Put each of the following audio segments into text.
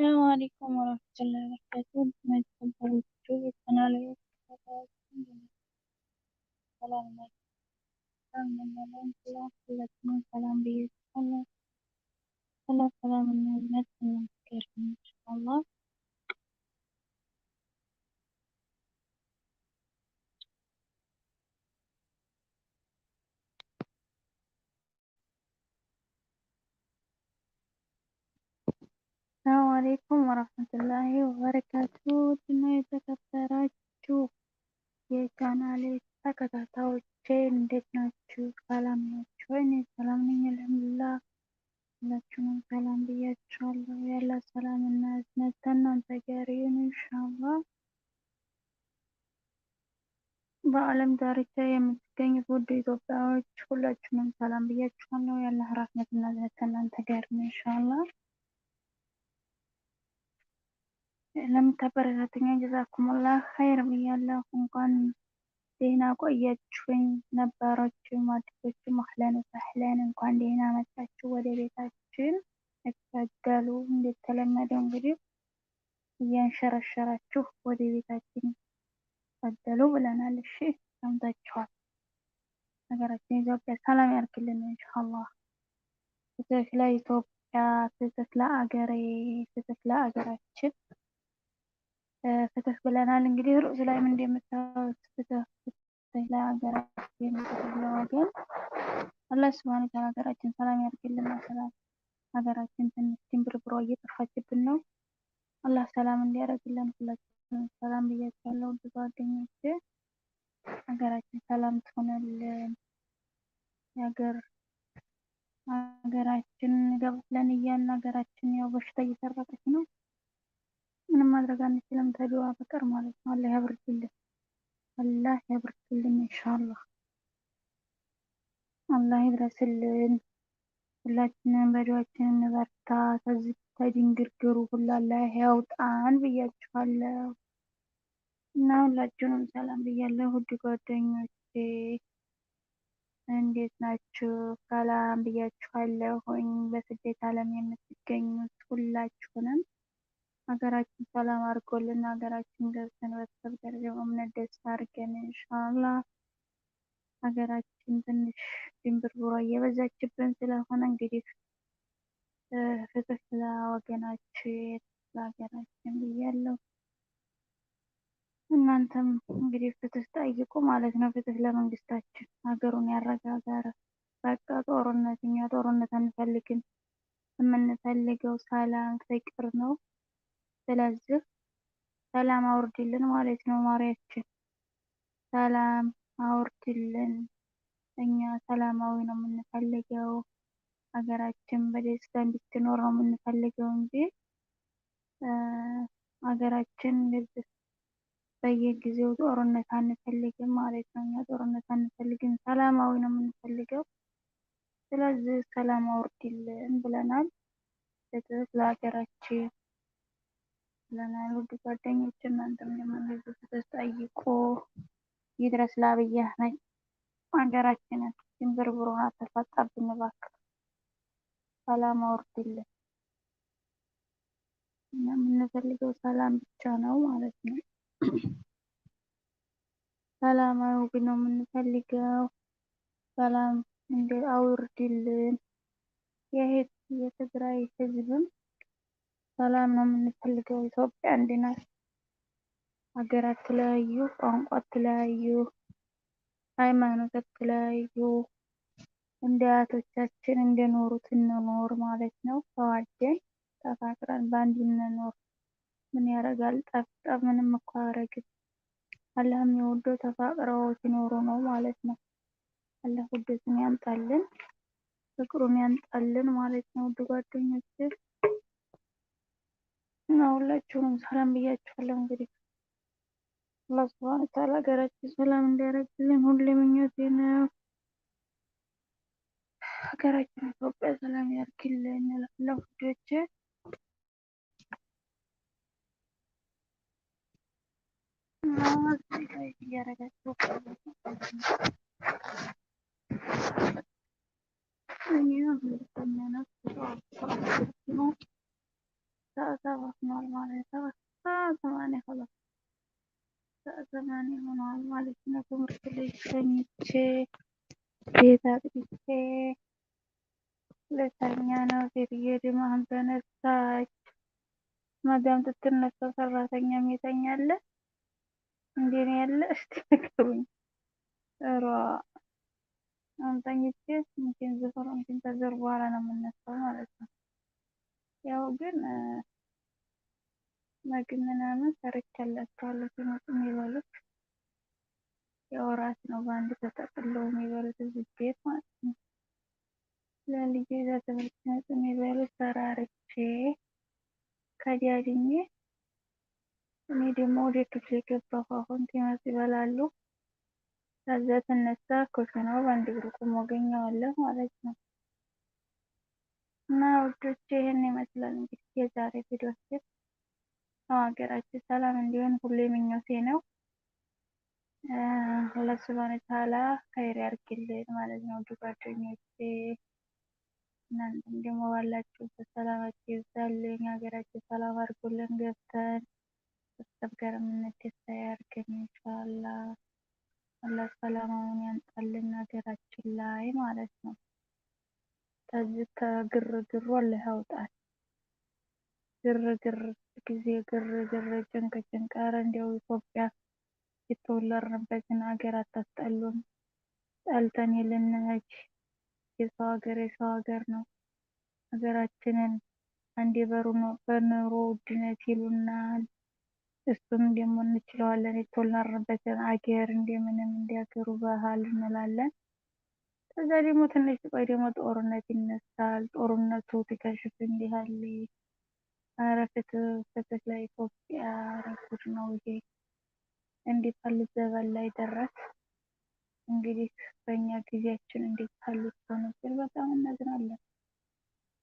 Selamun Aleyküm ve Rahmetullahi ve Berekatuhu. Hizmet Kulübü kanalı YouTube kanalı Selamünaleyküm. Selamünaleyküm. Selam bir Allah. Allah selamını ümmet inşallah. አለይኩም ወራህመቱላሂ ወበረካቱ እና የተከበራችሁ የቻናሌ ተከታታዮቼ እንዴት ናችሁ? ሰላም ናችሁ? እኔ ሰላም ነኝ አልሐምዱሊላህ። ሁላችሁንም ሰላም ብያችኋለሁ። ያለ ሰላም እና እዝነት ከእናንተ ጋር ይሁን ኢንሻአላህ። በዓለም ዳርቻ የምትገኙ ውድ ኢትዮጵያዎች ሁላችሁንም ሰላም ብያችኋለሁ። ያለ ረህመት እና እዝነት ከእናንተ ጋር ይሁን ኢንሻአላህ። ለምታበረታተኛ ጀዛኩሙላ ኸይር ብያለሁ። እንኳን ደህና ቆያችሁኝ። ነባሮችም አዲሶችም አህለን ወሰህለን፣ እንኳን ደህና መጣችሁ ወደ ቤታችን። እታገሉ እንደተለመደው እንግዲህ እያንሸረሸራችሁ ወደ ቤታችን ታገሉ ብለናል። እሺ ሰምታችኋል። ሀገራችን ኢትዮጵያ ሰላም ያርግልን ኢንሻአላህ። ፍትህ ለኢትዮጵያ፣ ፍትህ ለአገሬ፣ ፍትህ ለአገራችን ፍትህ ብለናል። እንግዲህ ርዕሱ ላይም እንደምታዩት ፍትህ ፍትህ ለሀገራችን ፍትህ ለወገን አላህ ስብሃነ ወተዓላ ሀገራችን ሰላም ያድርግልን። ሰላም ሀገራችን ትንሽ ድንብርብሮ እየጠፋችብን ነው። አላህ ሰላም እንዲያደርግልን ሁላችንም ሰላም ብያቸዋለሁ። ውድ ጓደኞቼ ሀገራችን ሰላም ትሆነልን። የሀገር ሀገራችን ገብለን እያልን ሀገራችን ያው በሽታ እየሰረቀች ነው። ምንም ማድረግ አንችልም ተድዋ በቀር ማለት ነው። አላህ ያብርድልን፣ አላህ ያብርድልን። ኢንሻአላህ አላህ ይድረስልን። ሁላችንም በድዋችን እንበርታ። ከዚህ ከድንግርግሩ ሁሉ አላህ ያውጣን ብያችኋለሁ እና ሁላችሁንም ሰላም ብያለሁ። ውድ ጓደኞቼ እንዴት ናችሁ? ሰላም ብያችኋለሁ። ሆኝ በስደት ዓለም የምትገኙት ሁላችሁንም ሀገራችን ሰላም አድርጎልን ሀገራችን ገብተን በቤተሰብ ደረጃ በእምነት ደስታ አድርገን ኢንሻላህ ሀገራችን ትንሽ ድንብርብሯ እየበዛችብን ስለሆነ እንግዲህ ፍትህ ስለወገናችን ለሀገራችን ብያለሁ። እናንተም እንግዲህ ፍትህ ጠይቁ ማለት ነው። ፍትህ ለመንግስታችን ሀገሩን ያረጋጋረ በቃ ጦርነት እኛ ጦርነት አንፈልግም። የምንፈልገው ሰላም፣ ፍቅር ነው። ስለዚህ ሰላም አውርድልን ማለት ነው ማሪያችን ሰላም አውርድልን። እኛ ሰላማዊ ነው የምንፈልገው፣ ሀገራችን በደስታ እንድትኖር ነው የምንፈልገው እንጂ ሀገራችን በየጊዜው ጦርነት አንፈልግም ማለት ነው። እኛ ጦርነት አንፈልግም፣ ሰላማዊ ነው የምንፈልገው። ስለዚህ ሰላም አውርድልን ብለናል። ለሀገራችን ብለናል። ውድ ጓደኞች እናንተም ደግሞ እንደዚህ ስትጠይቁ ይድረስ ለአብይ አህመድ ሀገራችንን ዝንብርብሯን አታሳጣብን እባክህ፣ ሰላም አውርድልን። እና የምንፈልገው ሰላም ብቻ ነው ማለት ነው። ሰላማዊ ነው የምንፈልገው። ሰላም እንደ አውርድልን የትግራይ ህዝብም ሰላም ነው የምንፈልገው ኢትዮጵያ አንድ ናት። ሀገራት ተለያዩ፣ ቋንቋ ተለያዩ፣ ሃይማኖታት ተለያዩ እንደ አያቶቻችን እንደኖሩት እንኖር ማለት ነው። ተዋደን ተፋቅረን በአንድ እንኖር። ምን ያደርጋል ጠፍጠፍ ምንም እኮ አያደርግም። አላህ የሚወደው ተፋቅረው ሲኖሩ ነው ማለት ነው። አላህ ውደትን ያምጣልን ፍቅሩን ያምጣልን ማለት ነው። ውድ እና ሁላችሁም ሰላም ብያችኋለሁ። እንግዲህ አላህ ሱብሃነሁ ወተዓላ ሀገራችን ሰላም እንዲያደርግልን ሁሌ ምኞቴ ነው። ሀገራችን ኢትዮጵያ ሰላም ያርግልን። እላለሁ ውዶቼ። እኛ ሁለተኛ ነው ተኝቼ ቤት አጥንቼ ልተኛ ነው። ሴትዬ ድማም ተነሳች። ማዳም ስትነሳው ሰራተኛ የተኛለ እንዴት ነው ያለ? እስቲ ንገሩኝ። ሮ አንተኝቼ እንትን ዝፈር እንትን ተዘር በኋላ ነው የምነሳው ማለት ነው። ያው ግን መግብ ምናምን ሰርቻላችኋለሁ ሲመጡ የሚበሉት እራት ነው በአንድ ተጠቅልለው የሚበሉት እዚህ ማለት ነው። ለልጄ እዛ ትምህርት የሚበሉት ተራርቼ ከዲያድኜ እኔ ደግሞ ወደ ክፍል የገባሁ አሁን ቲማት ይበላሉ። ከዛ ትነሳ ኮሽናው በአንድ እግሩ ቁሞ አገኘዋለሁ ማለት ነው። እና ውዶች ይህን ይመስላል እንግዲህ የዛሬ ቪዲዮችን። ሀገራችን ሰላም እንዲሆን ሁሌ ምኞቴ ነው። አላህ ስብሃነ ተዓላ ኸይር ያድርግልን ማለት ነው። ውድ ጓደኞቼ እናንተም ደግሞ ባላችሁበት ሰላማችሁ ይብዛልኝ። ሀገራችን ሰላም አድርጎልን ገብተን ቤተሰብ ጋር የምንደስታ ያድርገን ኢንሻአላህ። አላህ ሰላማውን ያምጣልን ሀገራችን ላይ ማለት ነው። ከዚህ ከግርግሩ አላህ ያውጣል። ግርግር ጊዜ ግርግር ጭንቅ ጭንቅ፣ ኧረ እንዲያው ኢትዮጵያ የተወለድንበትን ሀገር አታስጠሉም። ጠልተን የልንመች የሰው ሀገር የሰው ሀገር ነው። ሀገራችንን አንዴ በኑሮ ውድነት ይሉናል፣ እሱም ደግሞ እንችለዋለን። የተወለድንበትን አገር እንደምንም እንዲያገሩ ባህል እንላለን። ከዛ ደግሞ ትንሽ ቆይ ደግሞ ጦርነት ይነሳል። ጦርነቱ ሲከሽፍ እንዲህ አለ። አረ ፍትህ ፍትህ ለኢትዮጵያ! ኧረ ጉድ ነው ይሄ። እንዴት ባሉት ዘመን ላይ ደረስ። እንግዲህ በእኛ ጊዜያችን እንዴት ባሉት ሰው ነበር። በጣም እናዝናለን።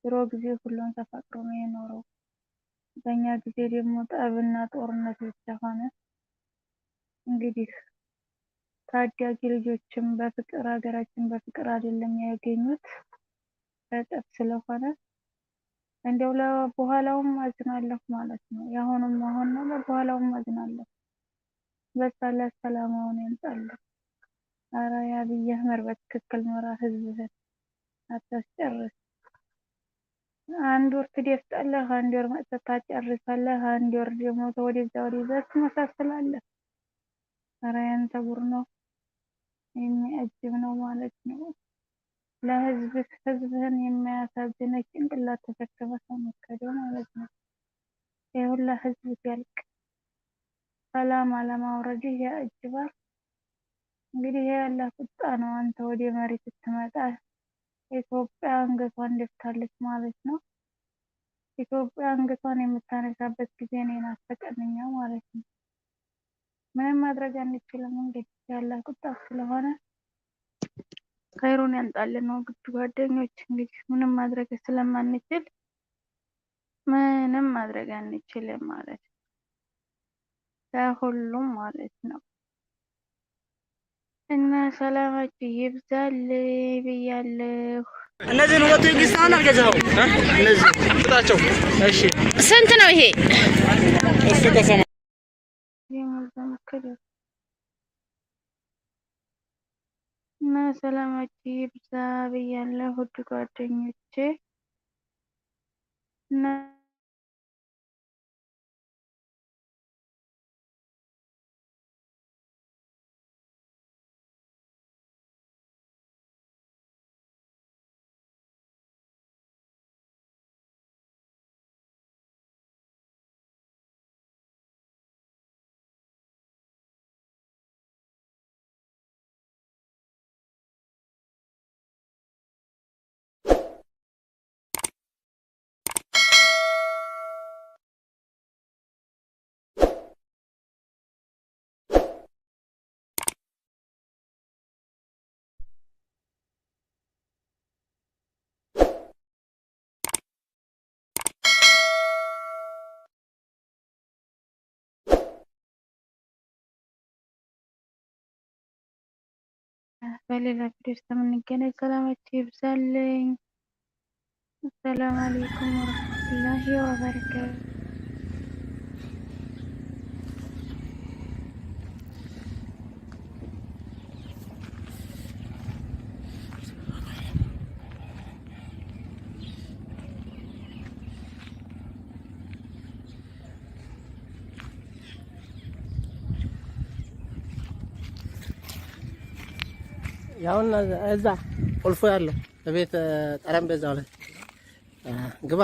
ድሮ ጊዜ ሁሉም ተፋቅሮ ነው የኖረው። በእኛ ጊዜ ደግሞ ጠብና ጦርነት ብቻ ሆነ። እንግዲህ ታዳጊ ልጆችም በፍቅር ሀገራችን በፍቅር አይደለም ያገኙት በጠብ ስለሆነ እንደው ለበኋላውም አዝናለሁ ማለት ነው። የአሁኑም አሁን ነው፣ ለበኋላውም አዝናለሁ። በሳላት ሰላማውን ያምጣሉ። አረ የአብይ አህመድ በትክክል ምራ ህዝብህን አታስጨርስ። አንድ ወር ትደፍጣለህ፣ አንድ ወር መጥተህ ታጨርሳለህ፣ አንድ ወር ደግሞ ወደዛ ወደዛ ትመሳስላለህ። አረ ያንተ ጉር ነው የሚያጅብ ነው ማለት ነው። ለህዝብ ህዝብህን የማያሳዝንህ ጭንቅላት ተሸክመህ ነው የምትሄደው ማለት ነው። ይህ ህዝብ ያልቅ ሰላም አለማውረድህ ያጅባል። እንግዲህ የአላህ ቁጣ ነው። አንተ ወደ መሬት ስትመጣ ኢትዮጵያ አንገቷን ደፍታለች ማለት ነው። ኢትዮጵያ አንገቷን የምታነሳበት ጊዜ እኔን አፈቀንኛ ማለት ነው። ምንም ማድረግ አንችልም። እንግዲህ የአላህ ቁጣ ስለሆነ ከይሩን ያምጣልን ነው ግድ ጓደኞች። እንግዲህ ምንም ማድረግ ስለማንችል ምንም ማድረግ አንችልም ማለት ነው። ለሁሉም ማለት ነው። እና ሰላማችሁ ይብዛልኝ ብያለሁ። እነዚህን ሁለቱ እንግዲህ አሁን እነዚህ ጣቸው። እሺ ስንት ነው ይሄ? እሱ ከሰማ እና ሰላማችሁ ይብዛ ብያለሁ ውድ ጓደኞቼ እና በሌላ ቪዲዮ እስከምንገናኝ ሰላማችሁ ይብዛልኝ። ሰላም አለይኩም ወረህመቱላሂ ወበረካቱ። ያውና እዛ ቁልፉ ያለው ቤት ጠረጴዛው ላይ ግባ